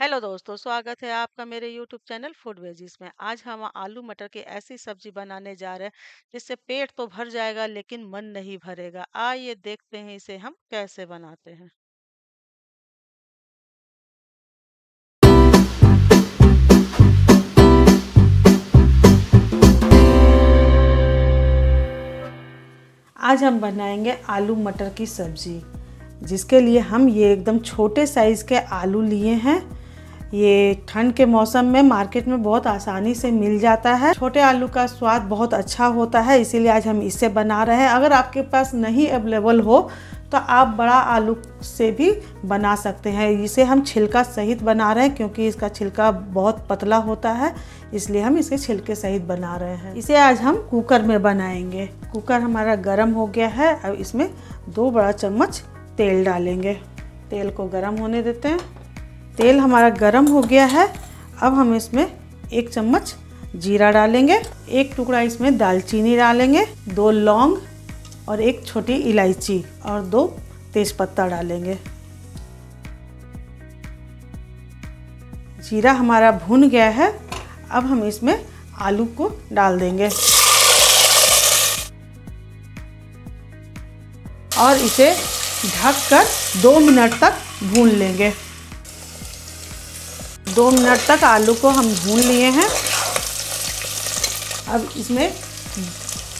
hello दोस्तों स्वागत है आपका मेरे यूट्यूब चैनल फूड वेजिस में आज हम आलू मटर की ऐसी सब्जी बनाने जा रहे हैं जिससे पेट तो भर जाएगा लेकिन मन नहीं भरेगा आइए देखते हैं इसे हम कैसे बनाते हैं आज हम बनाएंगे आलू मटर की सब्जी जिसके लिए हम ये एकदम छोटे साइज़ के आलू लिए हैं ये ठंड के मौसम में मार्केट में बहुत आसानी से मिल जाता है छोटे आलू का स्वाद बहुत अच्छा होता है इसीलिए आज हम इसे बना रहे हैं अगर आपके पास नहीं अवेलेबल हो तो आप बड़ा आलू से भी बना सकते हैं इसे हम छिलका सहित बना रहे हैं क्योंकि इसका छिलका बहुत पतला होता है इसलिए हम इसे छिलके सहित बना रहे हैं इसे आज हम कुकर में बनाएंगे कुकर हमारा गर्म हो गया है अब इसमें दो बड़ा चम्मच तेल डालेंगे तेल को गर्म होने देते हैं तेल हमारा गर्म हो गया है अब हम इसमें एक चम्मच जीरा डालेंगे एक टुकड़ा इसमें दालचीनी डालेंगे दो लौंग और एक छोटी इलायची और दो तेज़पत्ता डालेंगे जीरा हमारा भुन गया है अब हम इसमें आलू को डाल देंगे और इसे ढककर दो मिनट तक भून लेंगे दो मिनट तक आलू को हम भून लिए हैं अब इसमें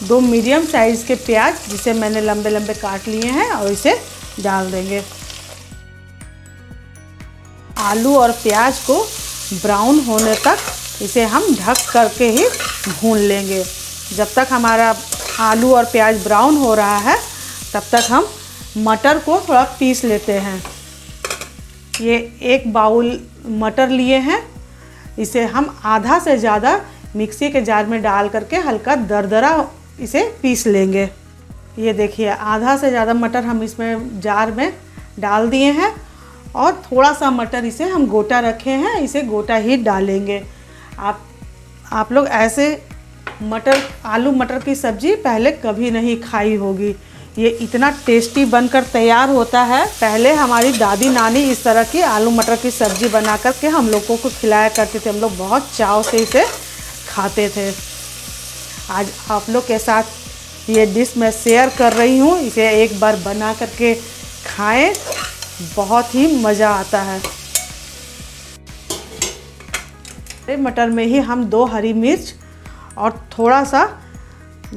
दो मीडियम साइज़ के प्याज जिसे मैंने लंबे लंबे काट लिए हैं और इसे डाल देंगे आलू और प्याज को ब्राउन होने तक इसे हम ढक करके ही भून लेंगे जब तक हमारा आलू और प्याज ब्राउन हो रहा है तब तक हम मटर को थोड़ा पीस लेते हैं ये एक बाउल मटर लिए हैं इसे हम आधा से ज़्यादा मिक्सी के जार में डाल करके हल्का दरदरा इसे पीस लेंगे ये देखिए आधा से ज़्यादा मटर हम इसमें जार में डाल दिए हैं और थोड़ा सा मटर इसे हम गोटा रखे हैं इसे गोटा ही डालेंगे आप आप लोग ऐसे मटर आलू मटर की सब्ज़ी पहले कभी नहीं खाई होगी ये इतना टेस्टी बनकर तैयार होता है पहले हमारी दादी नानी इस तरह की आलू मटर की सब्ज़ी बना कर के हम लोगों को खिलाया करते थे हम लोग बहुत चाव से इसे खाते थे आज आप लोग के साथ ये डिश मैं शेयर कर रही हूँ इसे एक बार बना करके खाएं बहुत ही मज़ा आता है मटर में ही हम दो हरी मिर्च और थोड़ा सा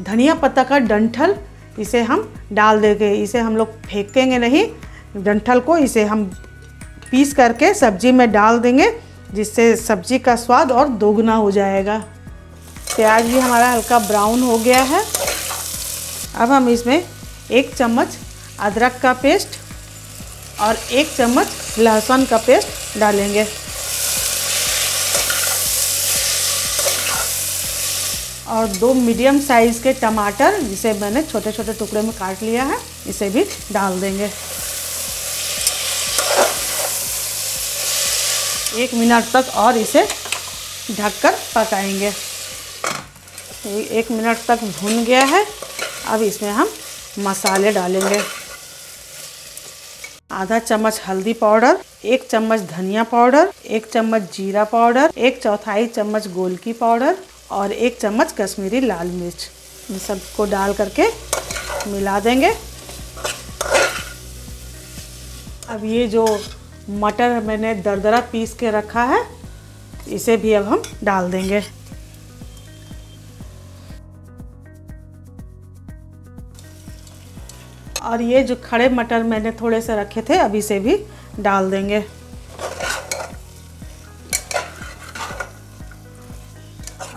धनिया पत्ता का डंठल इसे हम डाल देंगे इसे हम लोग फेंकेंगे नहीं डंठल को इसे हम पीस करके सब्जी में डाल देंगे जिससे सब्जी का स्वाद और दोगुना हो जाएगा प्याज भी हमारा हल्का ब्राउन हो गया है अब हम इसमें एक चम्मच अदरक का पेस्ट और एक चम्मच लहसुन का पेस्ट डालेंगे और दो मीडियम साइज़ के टमाटर जिसे मैंने छोटे छोटे टुकड़े में काट लिया है इसे भी डाल देंगे एक मिनट तक और इसे ढककर पकाएंगे एक मिनट तक भून गया है अब इसमें हम मसाले डालेंगे आधा चम्मच हल्दी पाउडर एक चम्मच धनिया पाउडर एक चम्मच जीरा पाउडर एक चौथाई चम्मच गोलकी पाउडर और एक चम्मच कश्मीरी लाल मिर्च इन सबको डाल करके मिला देंगे अब ये जो मटर मैंने दरदरा पीस के रखा है इसे भी अब हम डाल देंगे और ये जो खड़े मटर मैंने थोड़े से रखे थे अभी इसे भी डाल देंगे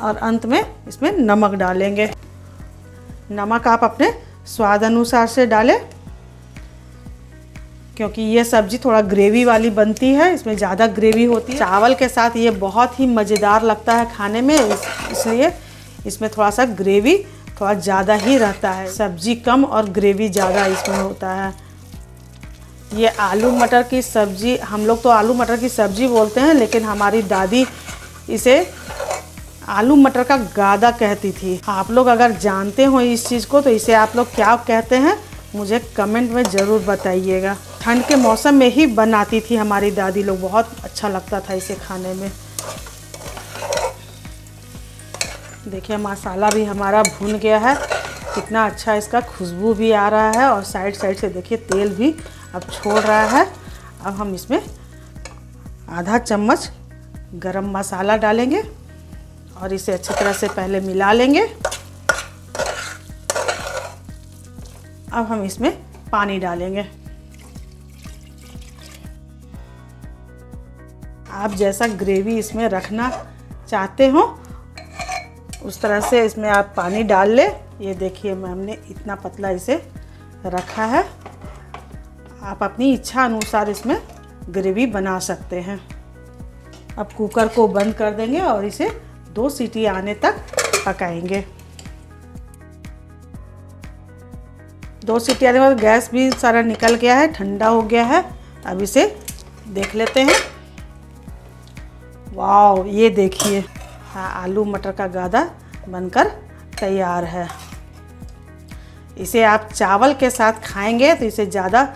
और अंत में इसमें नमक डालेंगे नमक आप अपने स्वाद अनुसार से डालें क्योंकि ये सब्जी थोड़ा ग्रेवी वाली बनती है इसमें ज़्यादा ग्रेवी होती है चावल के साथ ये बहुत ही मज़ेदार लगता है खाने में इसलिए इसमें थोड़ा सा ग्रेवी थोड़ा ज़्यादा ही रहता है सब्जी कम और ग्रेवी ज़्यादा इसमें होता है ये आलू मटर की सब्ज़ी हम लोग तो आलू मटर की सब्ज़ी बोलते हैं लेकिन हमारी दादी इसे आलू मटर का गादा कहती थी आप लोग अगर जानते हो इस चीज़ को तो इसे आप लोग क्या कहते हैं मुझे कमेंट में ज़रूर बताइएगा ठंड के मौसम में ही बनाती थी हमारी दादी लोग बहुत अच्छा लगता था इसे खाने में देखिए मसाला भी हमारा भून गया है कितना अच्छा इसका खुशबू भी आ रहा है और साइड साइड से देखिए तेल भी अब छोड़ रहा है अब हम इसमें आधा चम्मच गरम मसाला डालेंगे और इसे अच्छी तरह से पहले मिला लेंगे अब हम इसमें पानी डालेंगे आप जैसा ग्रेवी इसमें रखना चाहते हो उस तरह से इसमें आप पानी डाल ले ये देखिए मैम ने इतना पतला इसे रखा है आप अपनी इच्छा अनुसार इसमें ग्रेवी बना सकते हैं अब कुकर को बंद कर देंगे और इसे दो सीटी आने तक पकाएंगे दो सीटी आने के बाद गैस भी सारा निकल गया है ठंडा हो गया है अब इसे देख लेते हैं वाह ये देखिए हाँ आलू मटर का गादा बनकर तैयार है इसे आप चावल के साथ खाएंगे तो इसे ज़्यादा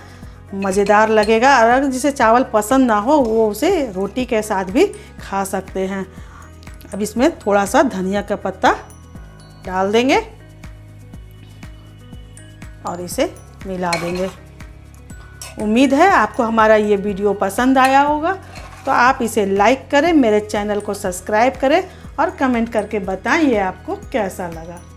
मज़ेदार लगेगा और अगर जिसे चावल पसंद ना हो वो उसे रोटी के साथ भी खा सकते हैं अब इसमें थोड़ा सा धनिया का पत्ता डाल देंगे और इसे मिला देंगे उम्मीद है आपको हमारा ये वीडियो पसंद आया होगा तो आप इसे लाइक करें मेरे चैनल को सब्सक्राइब करें और कमेंट करके बताएं ये आपको कैसा लगा